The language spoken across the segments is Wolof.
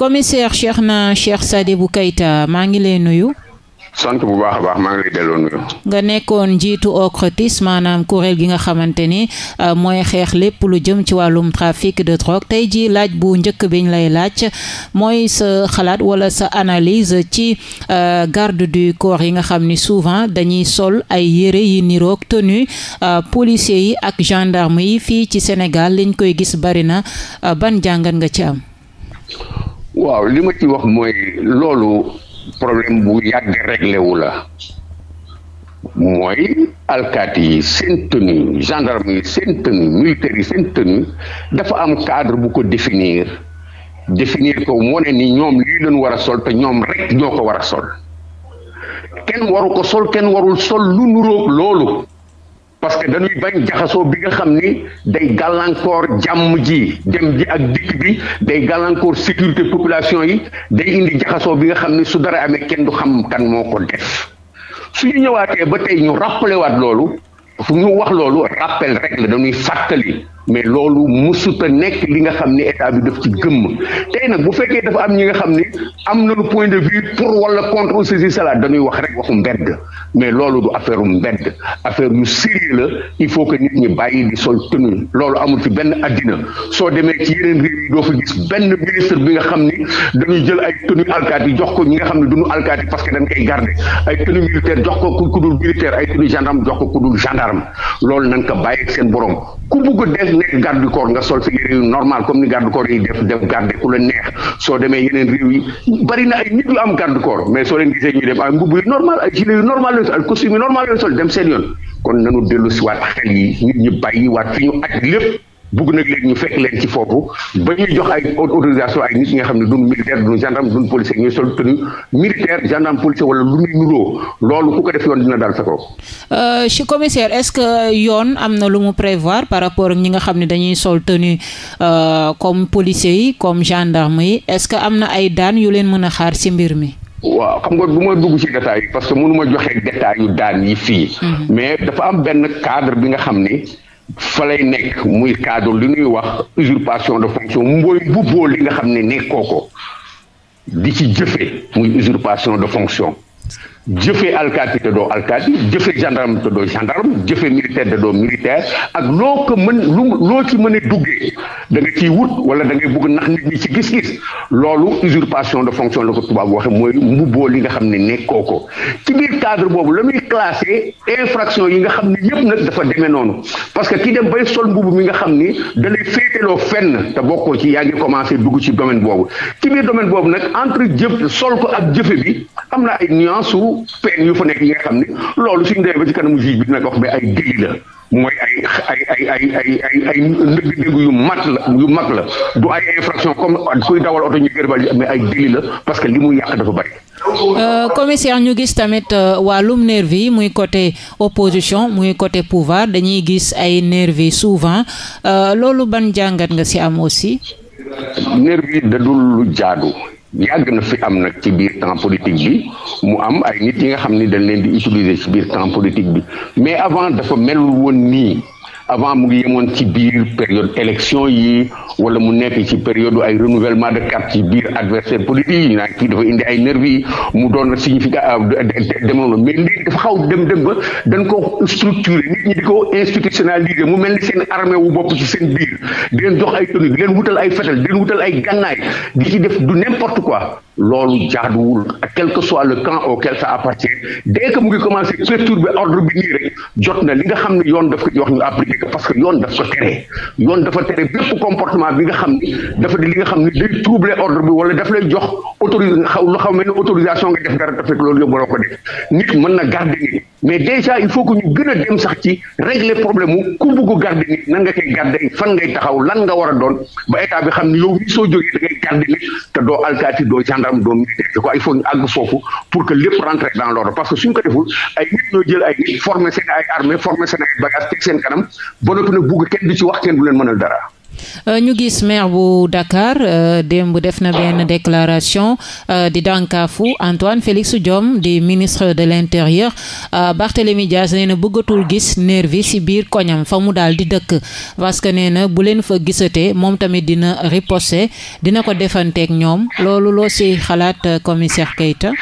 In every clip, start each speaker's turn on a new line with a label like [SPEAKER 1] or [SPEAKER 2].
[SPEAKER 1] commissaire Cheikhna Cheikh Sadibou Keita maa ngi lay nuyu.
[SPEAKER 2] sant bu baax a baax maa ngi lay delloo nuyu.
[SPEAKER 1] nga nekkoon njiitu OCRTIS maanaam kuréel gi nga xamante ni euh, mooy xeex lépp lu jëm ci wàllum trafic de drogue tey jii laaj bu njëkk biñ lay laaj mooy sa xalaat wala sa analyse ci euh, garde du corps yi nga xam ni souvent dañuy sol ay yére yi niroog tenue euh, policiers yi ak gendarme yi fii ci Sénégal liñ koy gis bari na ban jàngat nga ci am.
[SPEAKER 2] waaw li ma ci wax mooy loolu problème bu yàgg réglé la mooy alkaati yi seen tenue gendarme yi seen tenue militaire yi seen tenue dafa am cadre bu ko définir définir ko wane ni ñoom lii lañ war a sol te ñoom rek ñoo ko war a sol kenn waru sol kenn warul sol lu nuroog loolu parce que dañuy bañ jaxasoo bi nga xam ni day gàllankoor jàmm ji dem ji ak dikk bi day gàllankoor sécurité population yi day indi jaxasoo bi nga xam ni su dara amee kenn du xam kan moo ko def suñu ñëwaatee ba tey ñu rappelé waat loolu fu ñu wax loolu rappel rek la dañuy fàttali mais loolu mësut a nekk li nga xam ne état bi def ci gëmm tey nag bu fekkee dafa am ñi nga xam ne am na lu point de vue pour wala contre ceci salaat dañuy wax rek waxu mbedd mais loolu du affaire mbedd affaire yu sérieux la il faut que nit ñi bàyyi di sol tenue loolu amul ci benn addina soo demee ci yeneen réew yi doo fa gis benn ministre bi nga xam ni dañuy jël ay tenue alkaati jox ko ñi nga xam ne duñu alkaati parce que dañ koy garder ay tenue militaire jox ko ku dul militaire ay tenue jox ko ku dul gendarme loolu nañ ko bàyyi seen borom nekk garde du corps nga sol sa yére yu normal comme ni garde du corps yi def def garde ku la neex soo demee yeneen réew yi bari na ay nit yu am garde du mais soo leen gisee ñuy dem ay mbubb yu normal ay gilet yu normal sol ay costume yu normal sol dem seen yoon kon nanu dellu si waat xel yi nit ñi bàyyi waat fi ñu aj lépp bugg nag léegi ñu fekk leen ci foofu ba ñuy jox ay autorisation ay nit ñi nga xam ne duñ militaire duñ gendarme duñ policier ñuy sol tenue militaire gendarme policier wala lu muy nuroo loolu ku ko def yoon dina daal sa kaw.
[SPEAKER 1] ci euh, commissaire est-ce que yoon am na lu mu prévoir par rapport ak ñi nga xam ne dañuy sol tenue euh, comme policier yi comme gendarme yi est-ce que am na ay daan yu leen mën a xaar ci mbir mi.
[SPEAKER 2] waaw xam nga du ma dugg ci détail parce que mënu joxe détail yu fii. Mhm. bi nga xam ni. fa lay nekk muy cadre li ñuy wax usurpation de fonction mooy mbubboo li nga xam ne nekkoo ko di ci jëfee muy usurpation de fonction jëfe alkaati te doo alkaati jëfe gendarme te doo gendarme jëfe militaire te doo militaire ak loo ko mën lu loo ci mën a duggee da ciy wut wala da ngay bëgg nax nit ñi ci gis-gis loolu usurpation de fonction la ko tubaab waxe mooy mbubboo li nga xam ne nekkoo ko ci biir boobu la muy classé infraction yi nga xam ne yëpp nag dafa demee noonu parce que ki dem bay sol mbubb mi nga xam ni da lay féeteloo fenn te bokkoo ci yaa ngi commencé dugg ci domaine boobu ci biir domaine boobu nag entre jëf sol ko ak jëfe bi am peine yu fa nekk yi nga xam ne loolu suñu demee ba ci kanamu juge bi dina ko wax mais ay délit la mooy ay ay ay yu mag la du ay infraction comme kuy dawal oto ñu gërbal mais ay délit la parce que li mu yàq dafa bari.
[SPEAKER 1] Euh, commissaire ñu gis tamit euh, wàllum nervi muy côté opposition muy côté pouvoir dañuy gis ay nervi souvent euh, loolu ban jàngat nga si am aussi.
[SPEAKER 2] nervi da dul jaadu. yàgg na fi am nag ci biir temps politique bi mu am ay nit ñi nga xam ni dañ leen di utiliser ci biir temps politique bi mais avant dafa mel woon nii avant mu ngi yemoon ci biir période élection yi wala mu nekk ci période ay renouvellement de carte ci biir adversaire politique yi naan kii dafa indi ay nervi mu doon significatif euh, demoon mais léegi dafa xaw dem dem ba dañ ko structuré nit ñi di ko institutionnalisé mu mel ni seen armée wu bopp ci seen biir di leen jox ay tenue di leen ay fetal di leen wutal def du n'importe quoi loolu jaaduwul quel que soit le camp auquel ça appartient dès que mu ngi commencé perturber ordre bi nii rek jot na li nga xam ne yoon daf ko jox ñu appliqué ko parce que yoon daf ko tere yoon dafa tere bépp comportement bi nga xam ne dafa di li nga xam ne day troubler ordre bi wala daf lay jox autorise xaw lu xaw mel ne autorisation nga def dara te fekk loolu yëpp waroo ko def nit mën na garder mais déjà il faut que ñu gën dem sax ci régler problème mu ku bugg garder nit nan nga koy garder fan ngay taxaw lan nga war a doon ba état bi xam ni yow mii soo jógee da ngay te doo alkaati doo gendarme doo militaire quoi il faut ñu àgg foofu pour que lépp rentrer dans l'ordre parce que suñ ko deful ay nit ñoo jël ay nit former seen ay armée former seen ay bagage teg seen kanam ba noppi nag bugg wax kenn du leen mënal dara
[SPEAKER 1] Euh, ñu gis maire bu Dakar euh, démb def na benn déclaration euh, di dànkaafu Antoine Félix Diome di ministre de l'intérieur Barthélémy Dias nee na bëggatul gis nervi ci biir koñam fa mu daal di dëkk parce que nee na bu leen fa gisatee moom tamit dina riposte dina ko defanteeg ñoom loolu loo ci xalaat commissaire Keita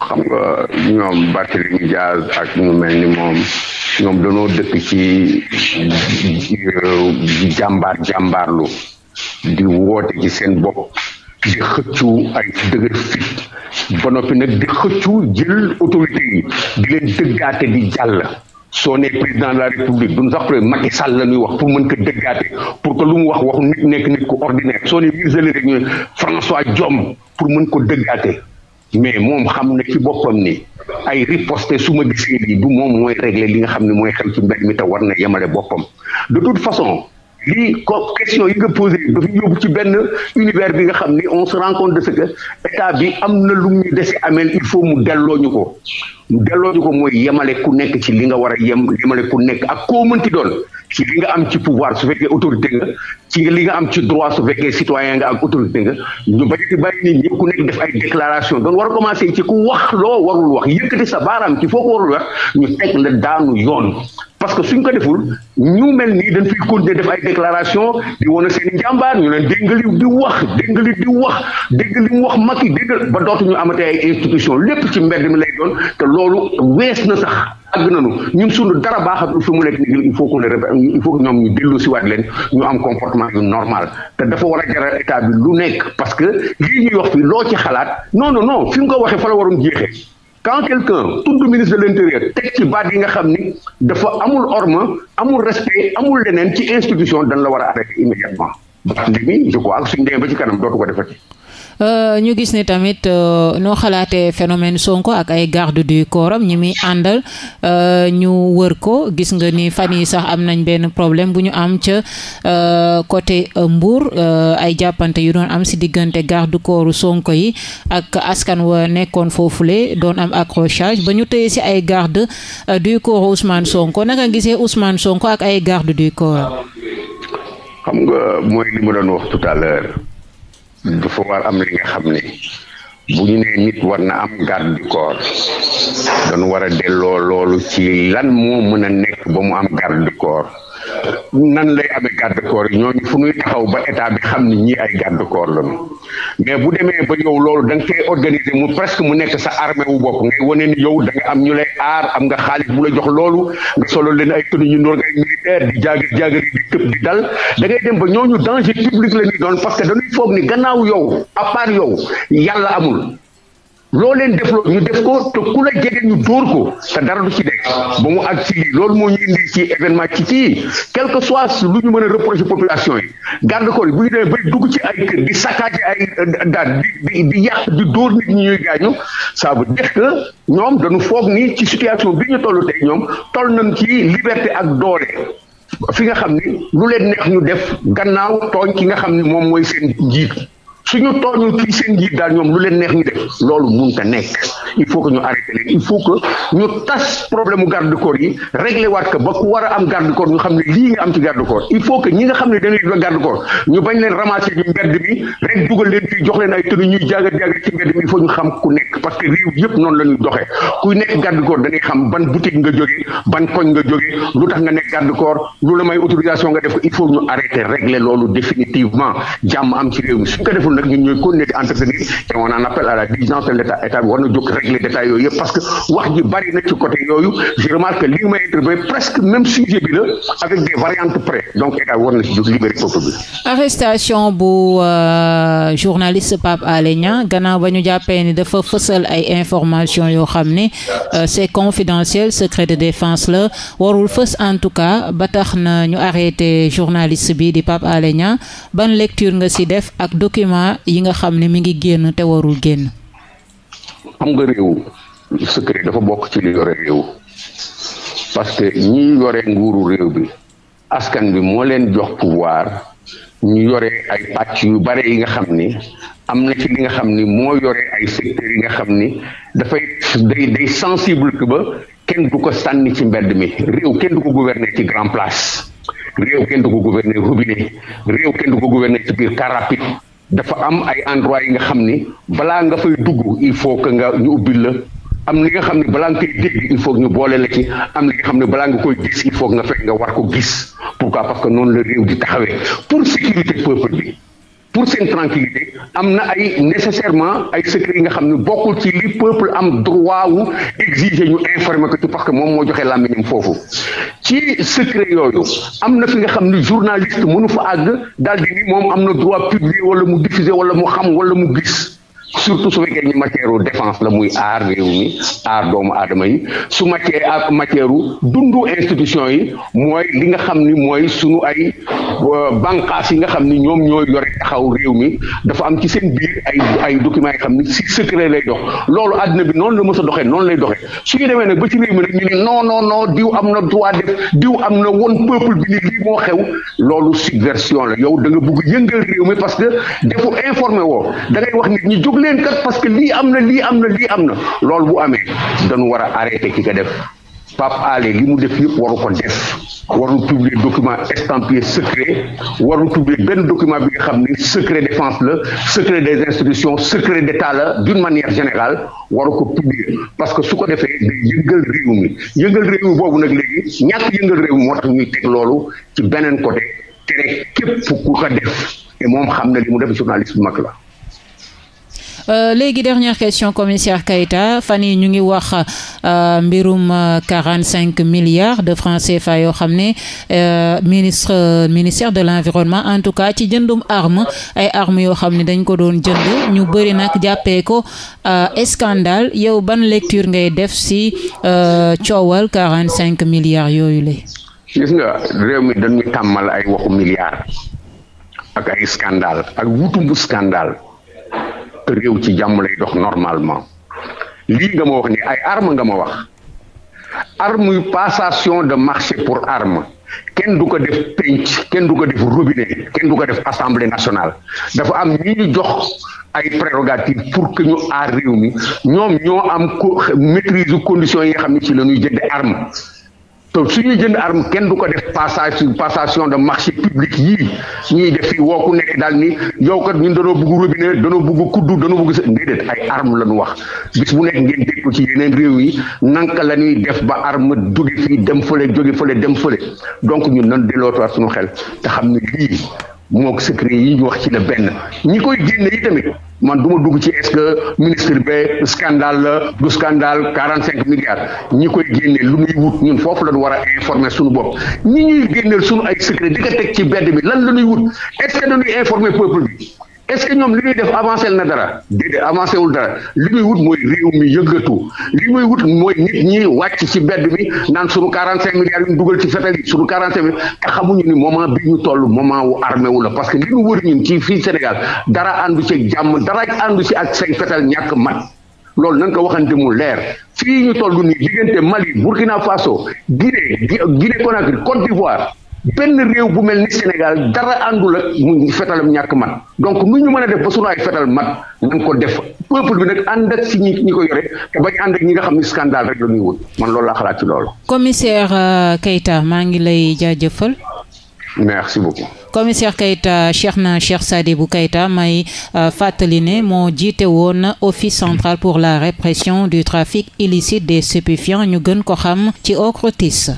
[SPEAKER 2] xam nga ñoom Barthélémy Dias ak ñu mel ni moom ñoom danoo dëkk ci jàmbaar jàmbaarlu di woote ci seen bopp di xëccu ay dëgër fit ba noppi nag di xëccu jël autorité yi di leen dëggaate di jàll soo nee président de la république duñ sax Macky Sall la ñuy wax pour mën ko dëggaate pour que lu mu wax waxu nit nekk nit ku ordinaire soo nee ministre de rek ñu François Diome pour mën ko dëggaate mais moom xam na ci boppam ni ay riposte suma ma gisee du moom mooy régler li nga xam ne mooy xel ci mbedd mi te war na yemale boppam de toute façon lii ko question yi nga posé dafa yóbbu ci benn univers bi nga xam ni on se rend compte de ce état bi am na lu ñu dese ameel il faut mu delloo ñu ko mu delloo ñu ko mooy yemale ku nekk ci li nga war a yem yemale ku nekk ak koo mënti doon ci am ci pouvoir su fekkee autorité nga ci li nga am ci droit su fekkee citoyen nga ak autorité nga ñu bañ a bàyyi nit ñëpp ku nekk def ay déclaration doon war a commencé ci ku wax loo warul wax yëkkati sa baaraam ci foo ko warul wax ñu teg la daanu yoon parce que suñ ko deful ñu mel nii dañ fiy continuer def ay déclaration di wane seen i njàmbaar ñu leen dégg li di wax dégg li di wax dégg li mu wax Macky dégg ba dootuñu amatee ay institution lépp ci mbedd mi lay doon te loolu wees na sax agg na nañu ñun suñu dara baaxatul fi mu nekk nii il faut que il ñoom ñu dellu si waat leen ñu am comportement yu normal te dafa war a jaral état bi lu nekk parce que lii ñuy wax fi loo ci xalaat non non fi nga ko waxee fa waroon jeexee quand quelqu'un tudd ministre de l'intérieur teg ci baat yi nga xam ni dafa amul orma amul respect amul leneen ci institution dañ la war a arrêter immédiatement baat bi je crois suñ demee ba ci kanam dootu ko defati
[SPEAKER 1] Euh, ñu gis ne tamit euh, noo xalaatee phénomène Sonko ak ay garde du corps am ñi muy àndal euh, ñu wër ko gis nga ni fan yi sax am nañ benn problème bu ñu am ca côté Mbour ay jàppante yu doon am si diggante garde corps Sonko yi ak askan wa nekkoon foofule doon am accrochage ba ñu tëye si ay garde du corps Ousmane Sonko naka gisee Ousmane Sonko ak ay garde du corps.
[SPEAKER 2] xam nga mooy li ma doon wax tout dafa war am li nga xam ne bu ñu nit war na am garde du dañu war a delloo loolu ci lan moo mën a nekk ba mu am garde nan lay amee garde corps yi ñooñu fu ñuy taxaw ba état bi xam ni ñii ay garde corps lañu mais bu demee ba yow loolu da nga koy organiser mu presque mu nekk sa armée wu bopp ngay wane ni yow da am ñu lay aar am nga xaalis bu la jox loolu nga solo leen ay tenue ñu noor ngay militaire di jaagir jaagir di tëb di dal da ngay dem ba ñooñu danger public la ñuy doon parce que dañuy foog ni gannaaw yow à part yow yàlla amul. loo leen def ñu def ko te ku la jege ñu dóor ko te dara du ci nekk ba mu ak ci loolu moo ñu indi ci événement ci kii quel que soit lu ñu mën a reprocher population yi garde corps yi bu ñu demee bay dugg ci ay kër di saccage ay daal di di yàq di ñuy gaañu ça veut dire que ñoom dañu foog ni ci situation bi ñu toll tey ñoom toll nañ ci liberté ak doole fi nga xam ni lu leen neex ñu def gannaaw tooñ ki nga xam ni moom mooy seen njiit suñu tooñul kii seen njiit daal ñoom lu leen neex ñu def loolu mënut a nekk il faut que ñu arrêté leen ñu tas problème mu garde corps yi réglé waat ko ba ku a am garde corps ñu xam ne lii am ci garde corps il faut que ñi nga xam ne dañuy doon garde ñu bañ leen ramasser ñu mbedd jox leen ay tënu ñuy jaagat jaagat ci ñu xam ku nekk parce que réew yëpp noonu la ñuy doxee kuy nekk garde da ngay xam ban boutique nga jógee ban koñ nga jógee lu tax nga nekk lu la autorisation nga def ko il faut ñu arrêté réglé loolu définitivement jàmm am ci réew mi suñ ko deful loolu nag ñun ñooy continuer di entretenir et a en appelle à la war na jóg régler détails yooyu parce que wax ji bari na ci côté yooyu je remarque li may intervenir presque même sujet bi la avec des variantes près donc état bi war na jóg libérer peuple bi.
[SPEAKER 1] arrestation bu euh, journaliste Pape Alé Niang gannaaw ba ñu jàppee ni dafa fësal ay information yoo xam ne euh, c'est confidentiel secret de défense la warul fës en tout cas ba tax na ñu arrêté journaliste bi di Pape Alé Niang ban lecture nga documents yi nga xam ne mi ngi génn te warul génn.
[SPEAKER 2] xam nga réew secret dafa bokk ci li yore réew parce que ñi yore nguuru réew bi askan bi moo leen jox pouvoir. ñu yore ay pàcc yu bare yi nga xam ni am na ci li nga xam ni moo yore ay secteurs yi nga xam ni dafay day day sensible que ba kenn du ko sànni ci mbedd mi réew kenn du ko gouverner ci grand place réew kenn du ko gouverner robinet réew kenn du ko gouverner ci biir car dafa am ay endroit yi nga xam ni balaa nga fay dugg il faut que nga ñu ubbil la am li nga xam ne balaa nga koy dégg il faut ñu boole la ci am nga xam ne balaa nga koy gis il faut nga nga war ko gis pourquoi parce que noonu la réew di taxawee pour sécurité peuple bi pour seen tranquillité am na ay nécessairement ay secret yi nga xam ne bokkul ci li peuple am droit wu exiger ñu informer ko ci parce que moom moo joxe làmmiñam foofu ci secret yooyu am na fi nga xam ne journaliste mënu fa àgg daal di ni moom am na droit publier wala mu diffuser wala mu xam wala mu gis surtout su fekkee ni matière u défense la muy aar réew mi aar doomu aadama yi su matière ak matière u dundu institution yi mooy li nga xam ni mooy sunu ay euh, bànqaas yi nga xam ni ñoom ñooy yore taxaw réew mi dafa am ci seen biir ay ay documents yi xam ni si secret lay dox loolu àddina bi noonu la mës a doxee noonu lay doxee su ñu demee nag ba ci réew mi nag ñu ne non non non diw am na droit def diw am na woon peuple bi ni lii moo xew loolu subversion la yow da nga bugg yëngal réew parce que defu informé woo parce que lii am na lii am na lii am na loolu bu amee dañu war a arrêté ki ko def Pape Alé li mu def yëpp waru ko def warul publier document estampillé secret warul publier benn document bi nga xam ni secret défense la secret des institutions secret d'état la d'une manière générale waru ko publier parce que su ko defee day yëngal réew mi yëngal réew mi boobu nag léegi ñàkk yëngal réew mi moo tax ñuy teg loolu ci beneen côté tere képp ku ko def te moom xam na li mu def journaliste bu mag la
[SPEAKER 1] Euh, léegi dernière question commissaire Keita fan yi ñu ngi wax euh, mbirum euh, quarante cinq milliards de francs fa yoo xam ne ministre ministère de l'environnement en tout cas ci jëndum arme ay arme yoo xam ne dañ ko doon jënd ñu bëri nag jàppee ko scandale yow ban lecture ngay def si coowal quarante cinq milliards yooyu la
[SPEAKER 2] gis nga réew mi dañuy tàmmal ay waxu milliards ak ay scandale ak wutum scandale réew ci jàmm lay dox normalement lii nga ma wax ni ay arme nga ma wax arme yu passation de marché pour arme kenn du ko def penc kenn du ko def robinet kenn du ko def assemblée nationale dafa am ñu ñu jox ay prérogatives pour que ñu aar réew mi ñoom ñoo am maîtrise conditions yi xam ne ci la ñuy jënd arme te su ñuy jënd arme kenn du ko def passage passation de marché public yii ñuy def fii woo ku nekk daal ni yow kat ñun danoo bëgg robinet danoo bëgg kuddu danoo bëgg sa déedéet ay arme la ñu wax bis bu nekk ngeen dégg ko ci yeneen réew yi nanka la ñuy def ba arme jóge fii dem fële jóge fële dem fële donc ñun nan dellootuwaat suñu xel te xam ne lii mook secret yi ñu wax ci la benn ñi koy génne yi tamit man du ma dugg ci est-ce que ministre bi scandale la du scandale quarante cinq milliards ñi koy génne lu muy wut ñun foofu la ñu war a informer suñu bopp ñi ñuy génneel suñu ay secret di ko teg ci bedd mi lan la ñuy wut est-ce que dañuy informer bi est-ce que ñoom li ñuy def avancé na dara déedéet avancé wul dara li muy wut mooy réew mi yëngatu li muy wut mooy nit ñi wàcc ci bedd bi naan suñu quarante cinq milliards ñu dugal ci fetal yi suñu quarante cinq milliards te xamuñu ni moment bi ñu toll moment wu armé wu parce que li ñu wër ñun ci fii Sénégal dara àndu ci jàmm dara àndu ci ak seen fetal ñàkk mat loolu nan ko waxante mu leer fii ñu toll nii diggante Mali Burkina Faso Guinée Guinée benn réew bu mel ni Sénégal dara àndul ak mu fetalam ñàkk mat donc nu ñu mën def ba sunu fetal mat nañ ko def peuple bi nag ànd ak si ñi ko yore te bañ ànd ak ñi nga xam ne scandale rek la ñuy man loolu laa xalaat ci loolu.
[SPEAKER 1] commissaire euh, Keita maa ngi lay jaajëfal.
[SPEAKER 2] merci beaucoup.
[SPEAKER 1] commissaire Keita Cheikhna Cheikh Sadibou Keita may euh, fàttali ne moo jiite woon office central pour la répression du trafic illicite des stupéfiants ñu gën ko xam ci OCRTIS.